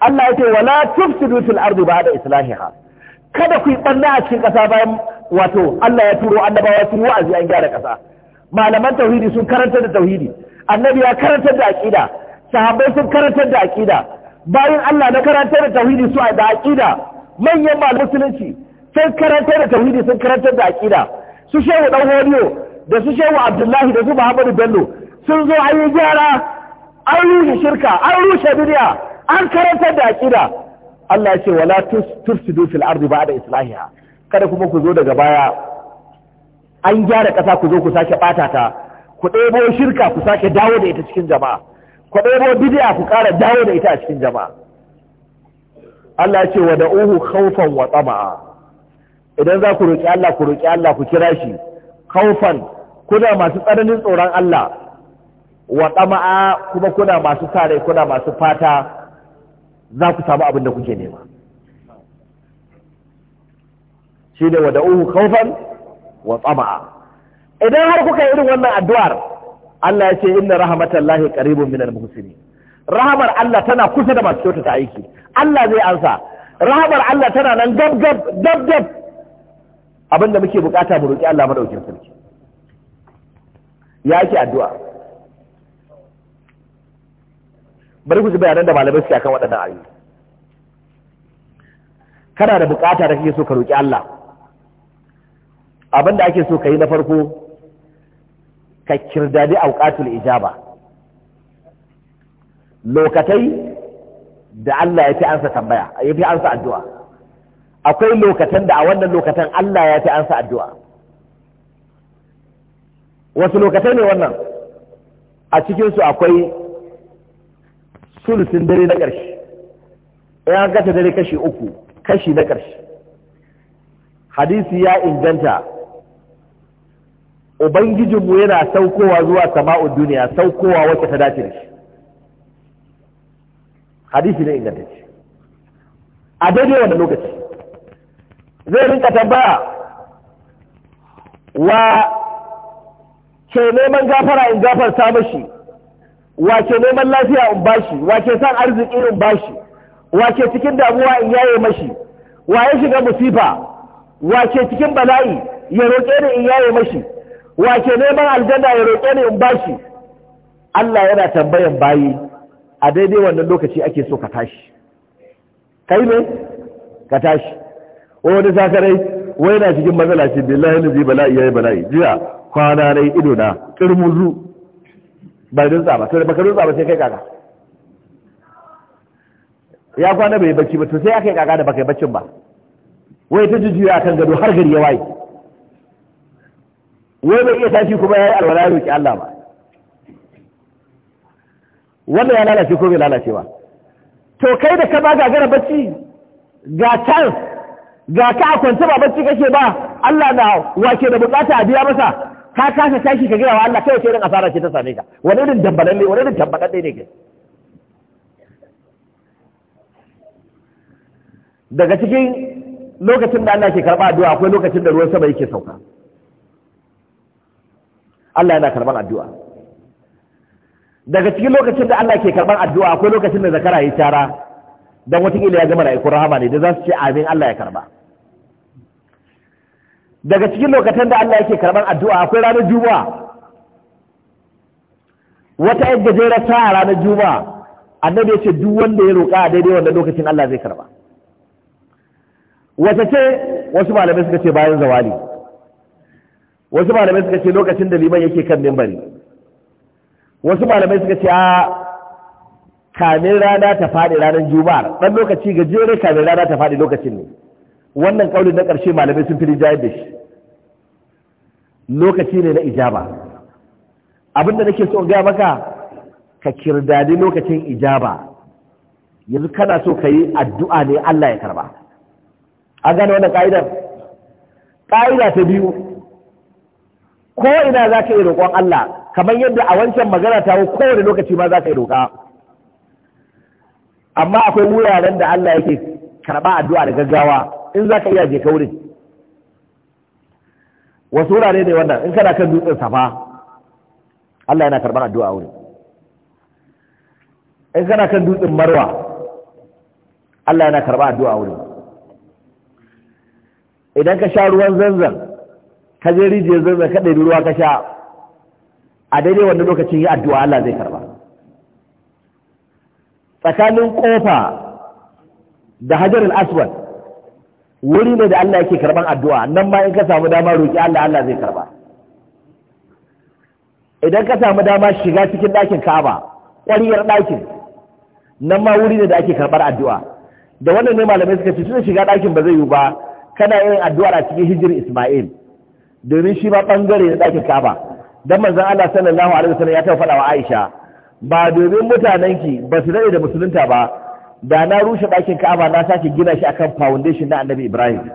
Allah ya ce wala tufsidu fil ardi ba'da islahiha kada ku yi banna a cikin ƙasa bayan wato Allah ya turo annabawa sun wa'azi an gyara ƙasa malaman tauhidi sun karanta da tauhidi annabi ya karanta da aqida Sahabai sun karantar da aƙida bayan Allah na karantar da tauhidi su da aƙida manyan malamin musulunci sun karantar da tauhidi sun karantar da aƙida su shehu dan horiyo da su shehu abdullahi da su muhammadu bello sun zo an yi gyara an rushe shirka an rushe duniya an karantar da aƙida Allah ya ce wala tursidu fil ardi ba'da islahiha kada kuma ku zo daga baya an gyara ƙasa ku zo ku sake bata ta ku ɗebo shirka ku sake dawo da ita cikin jama'a ku ɗebo bid'a ku ƙara dawo da ita a cikin jama'a Allah ce wa da'uhu khawfan wa tama'a idan za ku roƙi Allah ku roƙi Allah ku kira shi khawfan kuna masu tsananin tsoron Allah wa tama'a kuma kuna masu sare kuna masu fata za ku samu abin da kuke nema shi ne wa da'uhu khawfan wa tama'a idan har kuka yi irin wannan addu'ar Allah ya ce inna rahmatallahi qaribun minal muhsinin rahamar Allah tana kusa da masu kyautata aiki Allah zai ansa rahamar Allah tana nan gab gab gab gab abinda muke bukata mu roki Allah madaukin sarki ya ke addu'a bari ku ji bayanan da malamai suke akan waɗannan ayoyi kana da bukata da kake so ka roki Allah abinda ake so ka yi na farko ka kirdadi auqatul ijaba lokatai da Allah ya fi ansa tambaya ya fi ansa addu'a akwai lokatan da a wannan lokatan Allah ya fi ansa addu'a wasu lokatai ne wannan a cikinsu akwai sulusin dare na ƙarshe ya gata dare kashi uku kashi na ƙarshe hadisi ya inganta ubangijinmu yana saukowa zuwa sama'ud duniya saukowa wacce ta dace da shi hadisi ne inganta shi. a daidai wani lokaci zai rinka tambaya wa ke neman gafara in gafarta mashi wa ke neman lafiya in bashi wa ke san arziki in bashi wa ke cikin damuwa in yaye mashi wa ya shiga musifa wa ke cikin bala'i ya roƙe ni in yaye mashi wake neman aljanna ya roƙe ni in bashi Allah yana tambayan bayi a daidai wannan lokaci ake so ka tashi kai ne ka tashi wani zakarai wai na cikin matsala ce billahi ne zai bala'i yayi bala'i jiya kwana rai ido na kirmuzu bai rinsa ba sai baka rinsa ba sai kai kaka ya kwana bai bacci ba to sai aka yi kaka da baka yi baccin ba wai ta jujjuya kan gado har gari ya waye wai bai iya tashi kuma ya yi alwala ya roƙi Allah ba wannan ya lalace ko bai lalace ba to kai da ka ba gagara bacci ga can ga ka a kwance ba bacci kake ba Allah na wake da bukata a biya masa ka kasa tashi ka gaya wa Allah kai wace irin asara ce ta same ka wani irin ne wani irin tambadalle ne ke daga cikin lokacin da Allah ke karɓa addu'a akwai lokacin da ruwan sama yake sauka Allah yana karban addu'a daga cikin lokacin da Allah ke karban addu'a akwai lokacin da zakara ya tara wata watakila ya gama ra'ayi rahama ne da za su ce amin Allah ya karba daga cikin lokacin da Allah yake karban addu'a akwai ranar juma'a wata yan gajera ta ranar juma'a annabi ya ce duk wanda ya roƙa a daidai wanda lokacin Allah zai karba wata ce wasu malamai suka ce bayan zawali wasu malamai suka ce lokacin da liman yake kan mimbari wasu malamai suka ce a kamin rana ta faɗi ranar juma'ar ɗan lokaci gajere kamin rana ta faɗi lokacin ne wannan ƙaunin na ƙarshe malamai sun fi rinjayar da shi lokaci ne na ijaba abinda nake so gaya maka ka kirdadi lokacin ijaba yanzu kana so ka yi addu'a ne Allah ya karba a gane wannan ƙa'idar ƙa'ida ta biyu ko ina za ka yi roƙon Allah kamar yadda a wancan magana ta kowane lokaci ma za ka yi roƙa amma akwai wuraren da Allah yake karɓa addu'a da gaggawa in za ka iya je ka wurin wasu wurare ne wannan in kana kan dutsen safa Allah yana karɓar addu'a a wurin in kana kan dutsen marwa Allah yana karɓar addu'a a wurin idan ka sha ruwan zanzan ka je rijiyar zanzan kaɗai ɗari ruwa ka sha a daidai wannan lokacin yi addu'a Allah zai karba tsakanin ƙofa da hajar al'aswad wuri ne da Allah yake karban addu'a nan ma in ka samu dama roƙi Allah Allah zai karba idan ka samu dama shiga cikin ɗakin kaba ƙwariyar ɗakin nan ma wuri ne da ake karɓar addu'a da wannan ne malamai suka ce shiga ɗakin ba zai yiwu ba kana yin addu'a a cikin hijir Ismail domin shi ma bangare na ɗakin kaba dan manzon Allah sallallahu alaihi wasallam ya taɓa faɗa wa Aisha ba domin mutanenki ba su daɗe da musulunta ba da na rushe ɗakin kaba na sake gina shi akan foundation na annabi Ibrahim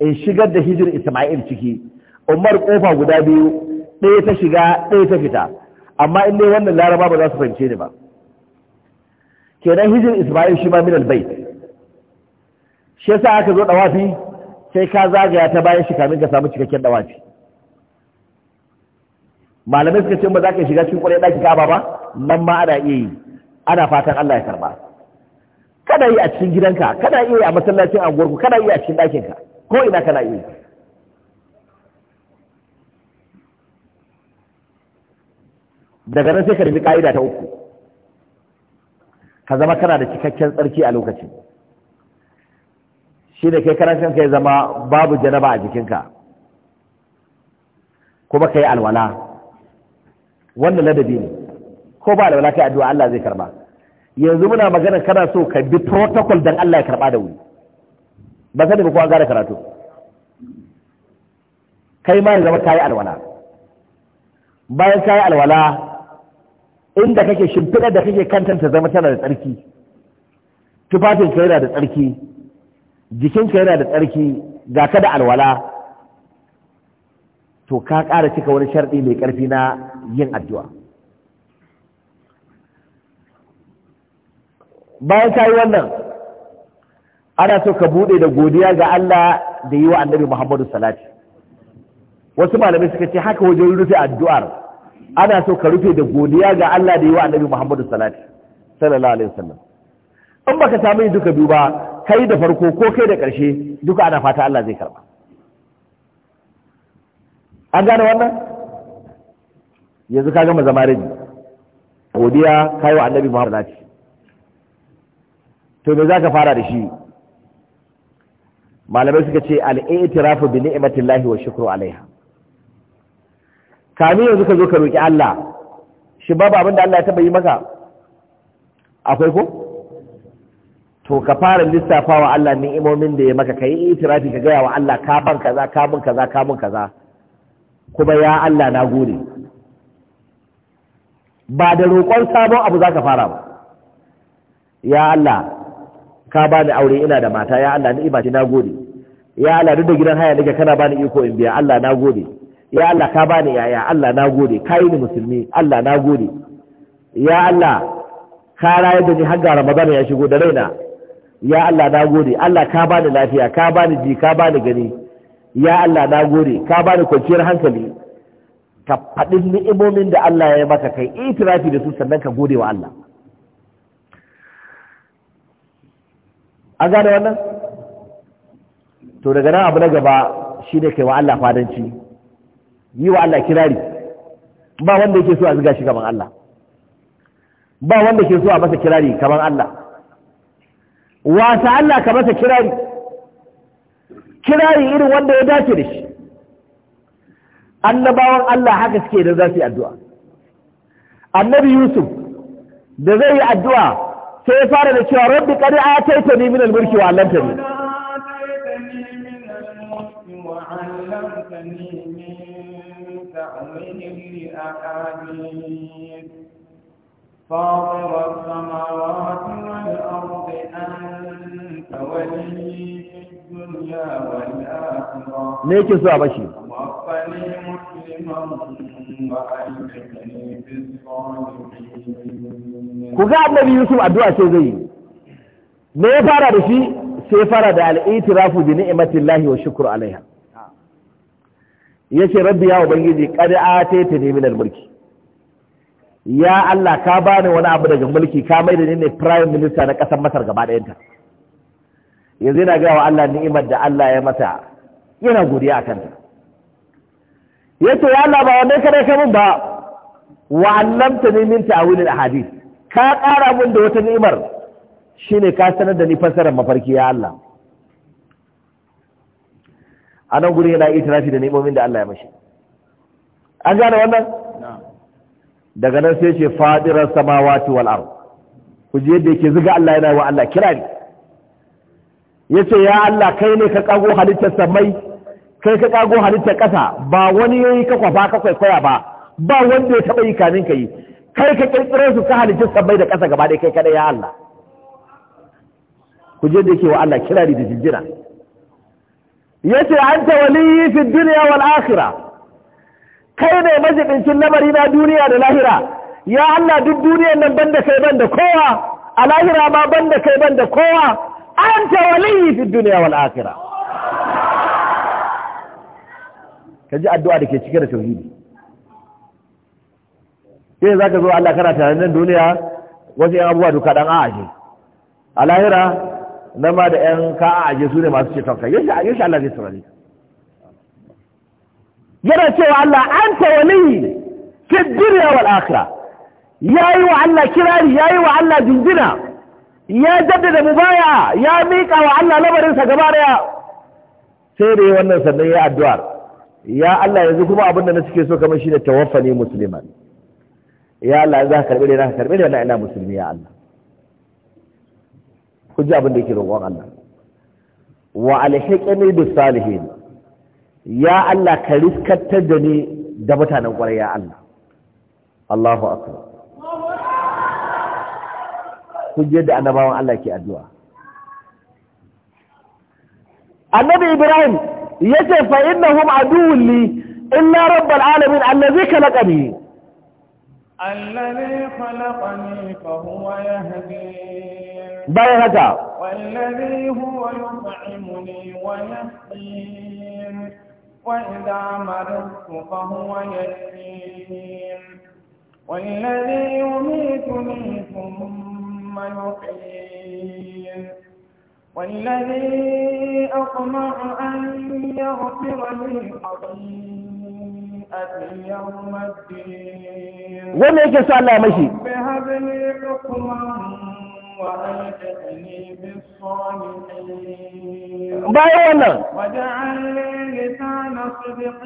in shigar da hijir Ismail ciki Umar kofa guda biyu ɗaya ta shiga ɗaya ta fita amma in dai wannan laraba ba za su fahimce ni ba kenan hijir Ismail shi ma minal bait shi yasa aka zo dawafi sai ka zagaya ta bayan shi kamin ka samu cikakken dawaci malamai suka ce ba za ka shiga cikin kwarai ɗaki ka ba nan ma ana iya yi ana fatan Allah ya karba kana yi a cikin gidanka kana iya yi a masallacin anguwarku kana iya a cikin ɗakinka ko ina kana iya yi daga nan sai ka nemi ka'ida ta uku ka zama kana da cikakken tsarki a lokacin shi ne kai karancin kai zama babu janaba a jikinka kuma kai alwala wannan ladabi ne ko ba alwala kai addu'a Allah zai karba yanzu muna magana kana so ka bi protocol dan Allah ya karba da wuri ba sai da kowa gara karatu kai ma zama kai alwala bayan kai alwala inda kake shimfida da kake kantanta zama tana da tsarki tufafin kai da tsarki jikinka yana da tsarki ga ka da alwala to ka ƙara cika wani sharɗi mai ƙarfi na yin addu'a bayan ka yi wannan ana so ka buɗe da godiya ga Allah da yi wa annabi Muhammadu salati wasu malamai suka ce haka wajen rufe addu'ar ana so ka rufe da godiya ga Allah da yi wa annabi Muhammadu salati sallallahu alaihi wasallam in baka samu duka biyu ba kai da farko ko kai da ƙarshe duka ana fata Allah zai karba an gane wannan yanzu ka gama zama rabi godiya kai wa annabi Muhammad sallallahu to me za ka fara da shi malamai suka ce al-i'tirafu bi ni'matillahi wa shukru alaiha kami yanzu ka zo ka roki Allah shi babu abin da Allah ya taba yi maka akwai ko to ka fara lissafa wa Allah ni'imomin da ya maka ka yi itirafi ka gaya wa Allah ka ban kaza ka mun kaza ka mun kaza kuma ya Allah na gode ba da roƙon sabon abu za ka fara ba ya Allah ka ba ni aure ina da mata ya Allah ni'ima ce na gode ya Allah duk da gidan haya nake kana ba ni iko in biya Allah na gode ya Allah ka ba ni yaya Allah na gode ka yi ni musulmi Allah na gode ya Allah ka rayar da ni har ga Ramadan ya shigo da raina ya Allah na gode Allah ka bani lafiya ka bani ji ka bani gani ya Allah na gode ka bani kwanciyar hankali ka faɗi ni'imomin da Allah ya yi maka kai itirafi da su sannan ka gode wa Allah an gane wannan to daga nan abu na gaba shi ne kai wa Allah fadanci yi wa Allah kirari ba wanda yake so a ziga shi gaban Allah ba wanda ke so a masa kirari kaman Allah wasa Allah ka masa kirari kirari irin wanda ya dace da shi annabawan Allah haka suke da za su yi addu'a annabi Yusuf da zai yi addu'a sai ya fara da cewa rabbi qad ataitani min al-mulki wa 'allamtani فاطر السماوات والأرض me yake so a bashi ku ga annabi yusuf addu'a ce zai yi me ya fara da shi sai fara da al'itirafu bi ni'matillahi wa shukru alaiha yace rabbi ya ubangiji a atayta ni min al-mulki ya Allah ka bani wani abu daga mulki ka mai da ni ne prime minister na kasar Masar gaba ɗayanta yanzu yana gaya wa Allah ni'imar da Allah ya mata yana godiya akan ta yace ya Allah ba wannan kada ka mun ba wa allamta ni min ta'wilil ahadith ka ƙara mun da wata ni'imar shine ka sanar da ni fassarar mafarki ya Allah a nan guri yana itirafi da ni'imomin da Allah ya mashi an gane wannan daga nan sai ce fadirar samawati wal ard ku je yadda yake zuga Allah yana wa Allah kirari ya ce ya Allah kai ne ka kago halittar samai kai ka kago halittar ƙasa ba wani ya yi kakwafa ka kwaikwaya ba ba wanda ya taɓa yi kamin ka yi kai ka ƙirƙirar su ka halittar samai da ƙasa gaba ɗaya kai kaɗai ya Allah ku je da yake wa Allah kirari da jinjina ya ce an ta waliyi fi duniya wal akhira kai ne majibincin lamari na duniya da lahira ya Allah duk duniyar nan banda kai banda kowa a lahira ma banda kai banda kowa anta waliyyi fi dunya wal akhirah kaji addu'a da ke cike da tauhidi sai zaka zo Allah kana tare nan duniya wasu abubuwa duka dan a'aje a lahira nan da yan ka a'aje su ne masu ceton kai yashi yashi Allah zai saurare yana cewa Allah anta waliyyi fi dunya wal akhirah yayi wa Allah kirari yayi wa Allah jinjina ya jaddada mubaya ya miƙa wa Allah labarinsa gaba daya sai da yi wannan sannan ya addu'ar ya Allah yanzu kuma abin da na suke so kamar shi ne tawaffani musulman ya Allah yanzu ka karɓi da za karɓi da ina musulmi ya Allah ku ji abin da yake roƙon Allah wa alhiqni bis salihin ya Allah ka riskatar da ni da mutanen ƙwarai ya Allah Allahu akbar kun da annabawan Allah ke addu'a annabi ibrahim yace fa innahum aduwwun li illa rabbal alamin allazi khalaqani allazi khalaqani fa huwa yahdi الذي haka wallazi huwa بيهك wa هو wa idha وإذا fa huwa يشفين والذي يميتني ثم ثم يقين والذي أطمع أن يغفر لي خطيئتي يوم الدين وما يكسى الله مشي هب لي حكما وألحقني بالصالحين بايعنا واجعل لي لسان صدق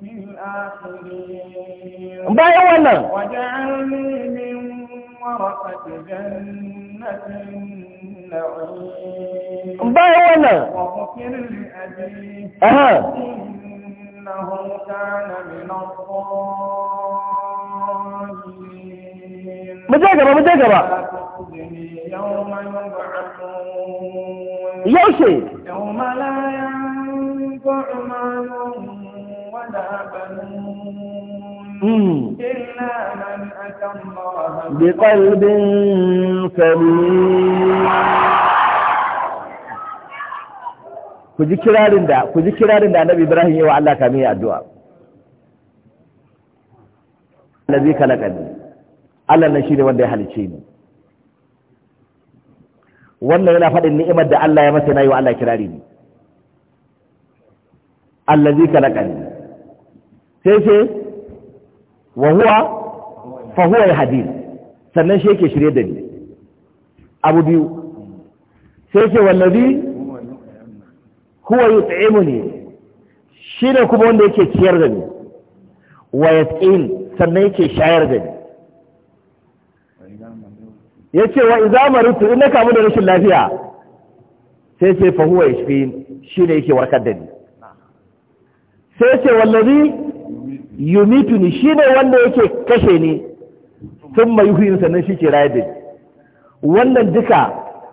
في الآخرين بايعنا واجعلني من Báyọ̀ wọ́nà. Ẹ̀hà. Mujẹ́ gaba, mujẹ́ gaba. Yau ṣe. Yau ma láyá ń gọ́rùn-ún بقلب سليم ku ji kirarin da ku kirarin da Annabi Ibrahim ya wa Allah kamin addu'a Allazi kalaqani Allah nan ne wanda ya halice ni wannan yana faɗin ni'imar da Allah ya masa na yi wa Allah kirari ne allazi kalaqani sai sai wa huwa fa huwa ya hadin sannan shi yake shirye da ni abu biyu sai ce wallazi huwa ne shi ne kuma wanda yake ciyar da ni wa yasqin sannan yake shayar da ni yace wa idza maritu ina kamu da rashin lafiya sai ce fa huwa ya shi ne yake warkar da ni sai ce wallazi yumituni ne wanda yake kashe ni sun mai yuhin sannan shi ke rayar wannan duka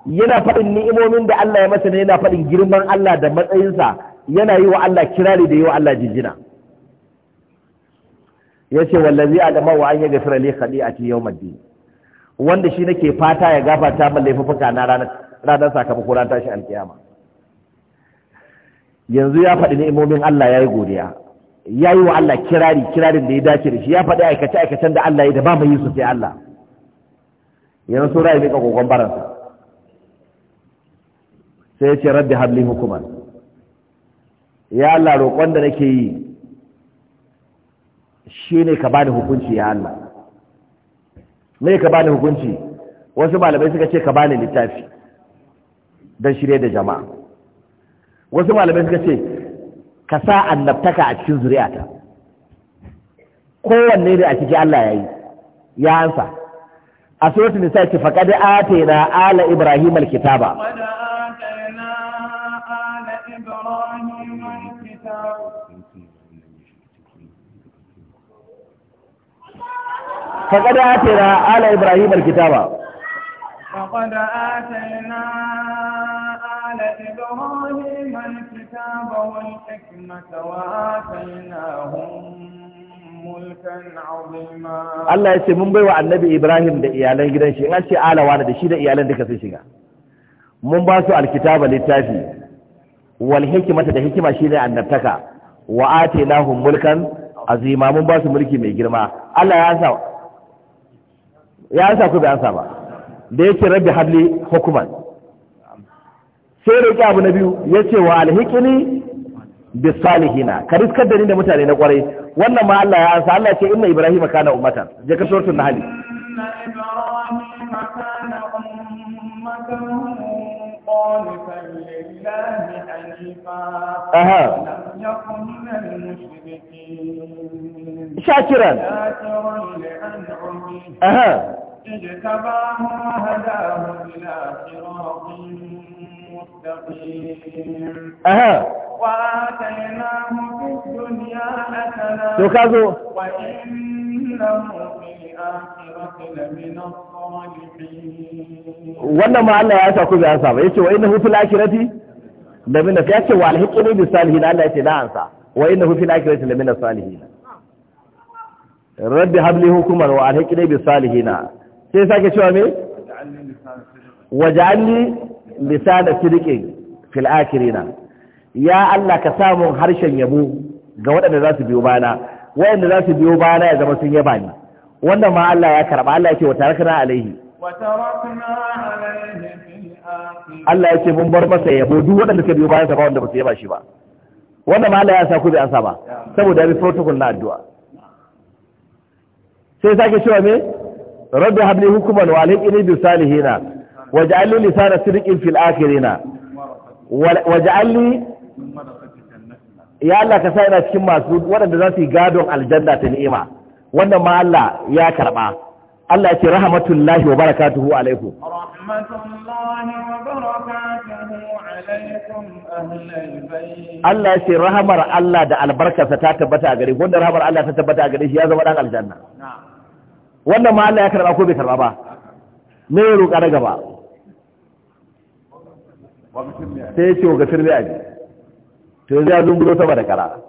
yana faɗin ni'imomin da Allah ya masa ne yana faɗin girman Allah da matsayinsa yana yi wa Allah kirari da yi wa Allah jinjina ya ce wallazi adama wa an yi gafira a cikin yau maddi wanda shi nake fata ya gafata min laifuka na ranar ranar sakamako ran tashi alkiyama yanzu ya faɗi ni'imomin Allah ya yi godiya ya yi wa Allah kirari kirarin da ya dace da shi ya faɗi aikace aikacen da Allah ya da ba mai yi su sai Allah yanzu sura ya mai kogon baransa sai ya ce rabbi habli hukumar. ya Allah roƙon da nake yi Shi ne ka bani hukunci ya Allah me ka bani hukunci wasu malamai suka ce ka bani littafi don shirye da jama'a wasu malamai suka ce ka sa annabtaka a cikin zuri'ata kowanne da a ciki Allah ya yi ya ansa a suratul nisa ce faqad atayna ala ibrahim alkitaba فقد آتنا آل إبراهيم الكتاب فقد آتينا آل إبراهيم الكتاب والحكمة وآتيناهم Allah ya ce mun baiwa annabi Ibrahim da iyalan gidan shi, an ce alawa da shi da iyalan duka sun shiga. Mun ba su alkitaba littafi, wal hikimata da hikima shi ne annabtaka, wa ate lahun mulkan azima mun ba su mulki mai girma. Allah ya sa, ya sa ku bai an sa ba, da yake rabbi habli hukuman. sai roƙi abu na biyu ya ce wa alhikini bi salihina ka riskar da ni da mutane na kwarai wannan ma Allah ya ansa Allah ce inna ibrahim kana ummata. je ka shortun na hali aha shakiran aha اجتباهما هداه إلى صراط أها وآتيناه في الدنيا حسنة تكذو وإنه في الآخرة لمن الصالحين وأنا ما الله يأتي أقول بأنسى يأتي وإنه في الآخرة لمن في أكي وعلى حقني بالصالحين الله يأتي لا أنسى وإنه في الآخرة لمن الصالحين رب هب لي حكما وعلى حقني بالصالحين sai sake cewa me waj'alni lisana sidqin fil akirina ya Allah ka samu harshen yabo ga waɗanda za su biyo bana waɗanda za su biyo bana ya zama sun yaba ni wannan ma Allah ya karɓa, Allah yake wa tarakna alaihi wa alaihi Allah yake mun bar masa yabo duk waɗanda suka biyo bayan sa ba wanda ba su yaba shi ba wannan ma Allah ya sa ku bi an sa ba saboda ya bi protocol na addu'a sai sake cewa me rabbi habli hukuman wa alhiqni bi salihina waj'al li lisana sidqin fil akhirina waj'al li ya Allah ka sa ina cikin masu waɗanda za su yi gadon aljanna ta ni'ima wannan ma Allah ya karba Allah ya ce rahmatullahi wa barakatuhu alaikum rahmatullahi Allah ya ce rahmar Allah da albarkarsa ta tabbata a gare wanda rahmar Allah ta tabbata a gare shi ya zama dan aljanna na'am wannan ma Allah ya karɓa ko bai karɓa ba me ya roƙa na gaba sai ya ce wa gafir a aji to yanzu ya dumbulo sama da kara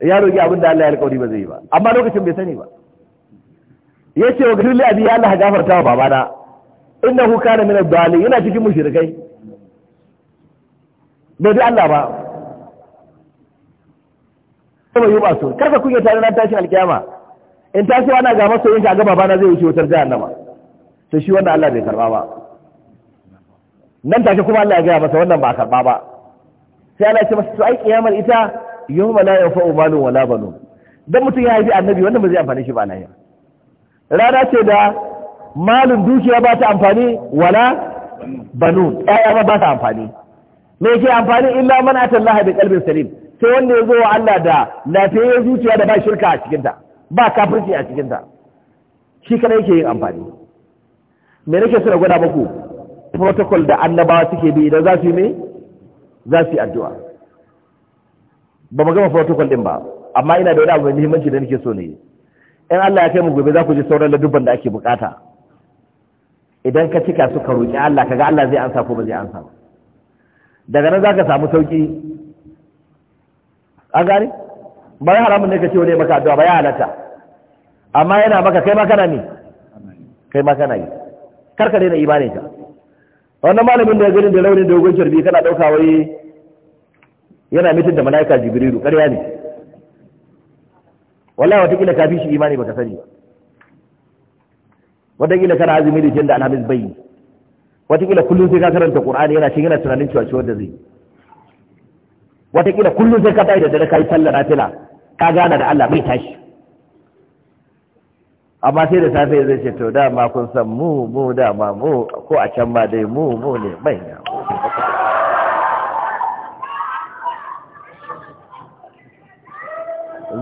ya roƙi abin da Allah ya alƙawari ba zai yi ba amma lokacin bai sani ba ya ce wa gafir a aji ya Allah gafarta wa babana innahu kana min ad dalil yana cikin mushirikai bai bi Allah ba kuma yi ba su karka kunyata tare na tashin alkiyama in tashi ana ga masoyin ka ga babana zai wuce wutar jahannama to shi wanda Allah bai karba ba nan take kuma Allah ya gaya masa wannan ba karba ba sai Allah ya ce masa to ai kiyamar ita yawma la yanfa'u malun wala banun dan mutum ya haifi annabi wanda ba zai amfane shi ba lahiya rana ce da malin dukiya ba ta amfani wala banu ƴaƴa ba ba ta amfani me yake amfani illa man atallaha bi qalbin salim sai wanda ya zo wa Allah da lafiyar zuciya da ba shirka a cikin ta ba kafirci a cikinta shi kana yake yin amfani me nake so na gwada muku protocol da annabawa suke bi idan za su yi me za su yi addu'a ba mu gama protocol din ba amma ina da wani abu mai muhimmanci da nake so ne in Allah ya kai mu gobe za ku ji sauran ladubban da ake bukata idan ka cika su ka roƙi Allah kaga Allah zai ansa ko ba zai ansa daga nan za ka samu sauƙi an gane ba ya haramun ne ka ce wani maka addu'a ba ya halatta amma yana maka kai ma kana ne kai makana yi karka daina imanin ka wannan malamin da ya gani da launin dogon kirbi kana ɗauka wai yana mitin da mala'ika jibrilu ƙarya ne wallahi watakila ka fi shi imani baka sani watakila kana azumi da jin da alhamis bai yi watakila kullum sai ka karanta qur'ani yana cikin yana tunanin cewa cewa da zai watakila kullum sai ka tayi da dare kai sallar nafila ka gana da Allah bai tashi amma sai da safe zai ce to dama kun san mu mu dama mu ko a can ma dai mu mu ne bai ya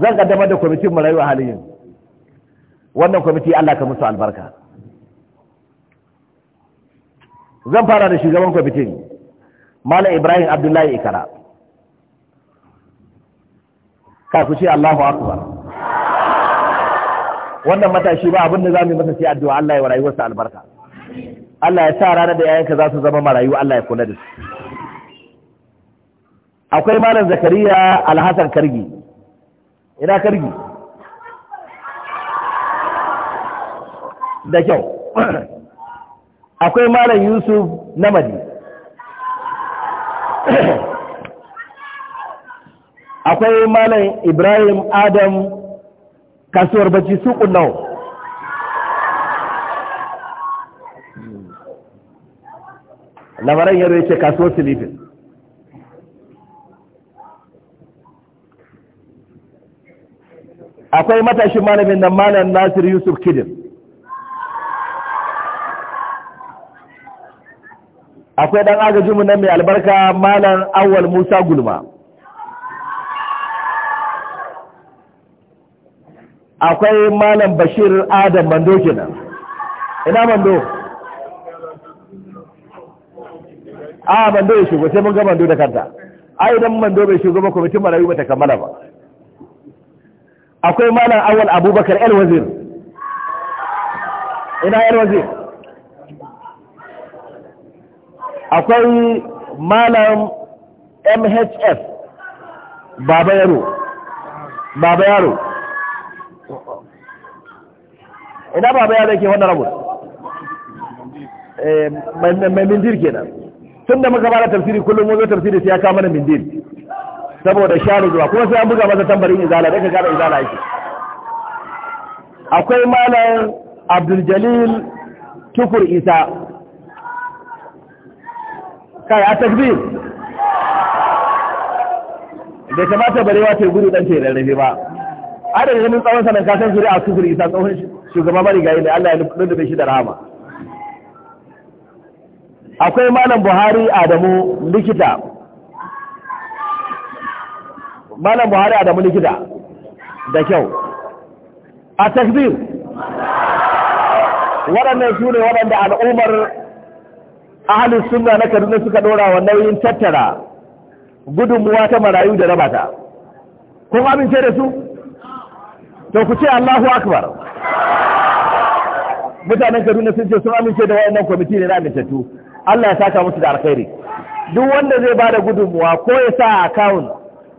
zan kaddamar da kwamitin marayu a halin yanzu wannan kwamiti Allah ka musu albarka zan fara da shugaban kwamitin Malam Ibrahim Abdullahi Ikara ka ku ce Allahu akbar wannan matashi ba abin da za mu yi masa sai addu'a Allah ya wa rayuwarsa albarka Allah ya sa ranar da yayanka za su zama marayu Allah ya kula da su akwai malam zakariya alhassan kargi ina kargi da kyau akwai malam yusuf namadi akwai malam ibrahim adam kasuwar bacci su nau labaran yaro ya ce kasuwar silifin akwai matashin malamin nan malam nasir yusuf kidin. akwai dan agajinmu nan mai albarka malam awal musa gulma akwai malam bashir adam mando kenan ina mando a mando ya shigo sai mun ga mando da kanta a idan mando bai shigo ba kwamitin marayu ba ta kammala ba akwai malam awal abubakar el wazir ina el wazir akwai malam mhf baba yaro baba yaro ina baba ya zai wannan rabu eh, mai mindir nan tun da muka bada tafsiri kullum mun tafsiri sai ya kama na mindir saboda share zuwa kuma sai an buga masa tambarin izala da ka gane izala yake akwai malam abdul jalil tukur isa kai a takbir bai kamata barewa ta gudu dan ce rarrafe ba adadin ganin tsawon sanan kasan suri a tukur isa tsohon shi shugaba marigayi ne Allah ya bai shi da rahama akwai malam buhari adamu likita malam buhari adamu likita da kyau a takbir waɗannan su ne waɗanda al'ummar ahalin suna na kaduna suka ɗora wa nauyin tattara gudunmuwa ta marayu da rabata kuma amince da su to ku ce allahu akbar mutanen Kaduna sun ce sun amince da wayannan kwamiti ne na amintattu Allah ya saka musu da alkhairi duk wanda zai bada gudunmuwa ko ya sa account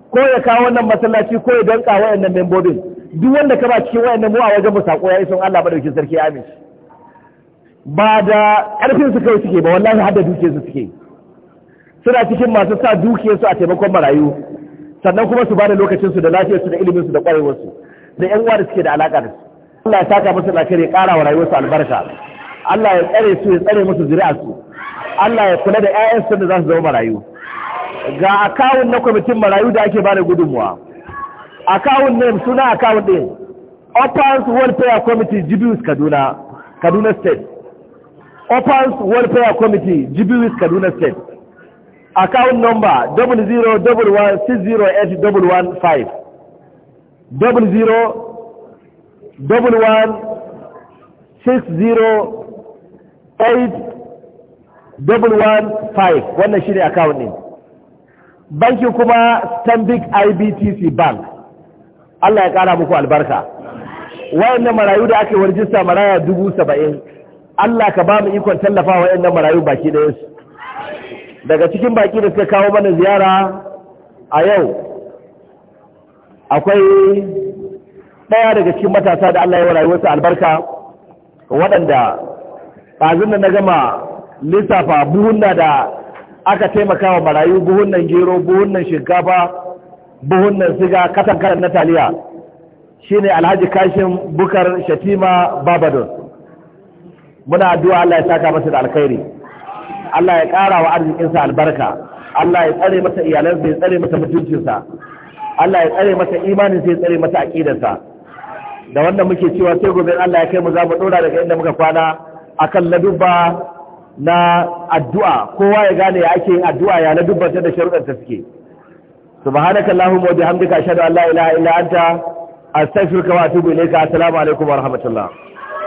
ko ya kawo wannan masallaci ko ya danka wayannan membobin duk wanda ka ba cikin wayannan mu a wajen mu sako ya isa Allah madaukakin sarki amin ba da karfin su kai suke ba wallahi hadda duke su suke suna cikin masu sa dukiyarsu a taimakon marayu sannan kuma su bada lokacin su da lafiyar su da ilimin su da kwarewar su da yan uwa da suke da alaka da su Allah ya saka musu lafiya ya ƙara wa rayuwarsu albarka Allah ya tsare su ya tsare musu su. Allah ya kula da su da za su zama marayu ga akawun na kwamitin marayu da ake bada gudunmuwa akawun ne suna akawun ɗin Opens Welfare Committee Jibius Kaduna Kaduna State Opens Welfare Committee Jibius Kaduna State Account number 0011608115 double one six zero eight double one five wannan shine account ne Bankin kuma stanbic ibtc bank Allah ya kara muku albarka wayannan marayu da aka ake warjista maraya dubu saba'in Allah ka ba mu ikon tallafa wayannan marayu baki ɗaya su daga cikin baki da suka kawo mana ziyara a yau akwai ɗaya daga cikin matasa da Allah ya rayuwarsa albarka waɗanda ɗazin da na gama lissafa buhunna da aka taimaka wa marayu buhunnan gero buhunnan shinkafa buhunnan siga katan karan na taliya shine alhaji kashin bukar shatima babadon muna addu'a Allah ya saka masa da alkhairi Allah ya ƙara wa arzikinsa albarka Allah ya tsare masa iyalansa ya tsare masa mutuncinsa Allah ya tsare masa imaninsa ya tsare masa aƙidarsa da wannan muke cewa sai gobe Allah ya kai mu za mu dora daga inda muka kwana akan laduba na addu'a kowa ya gane ya ake yin addu'a ya ladubban ta da sharuɗan ta suke subhanaka allahumma wa bihamdika ashhadu an la ilaha illa anta astaghfiruka wa atubu ilayka assalamu alaikum wa rahmatullah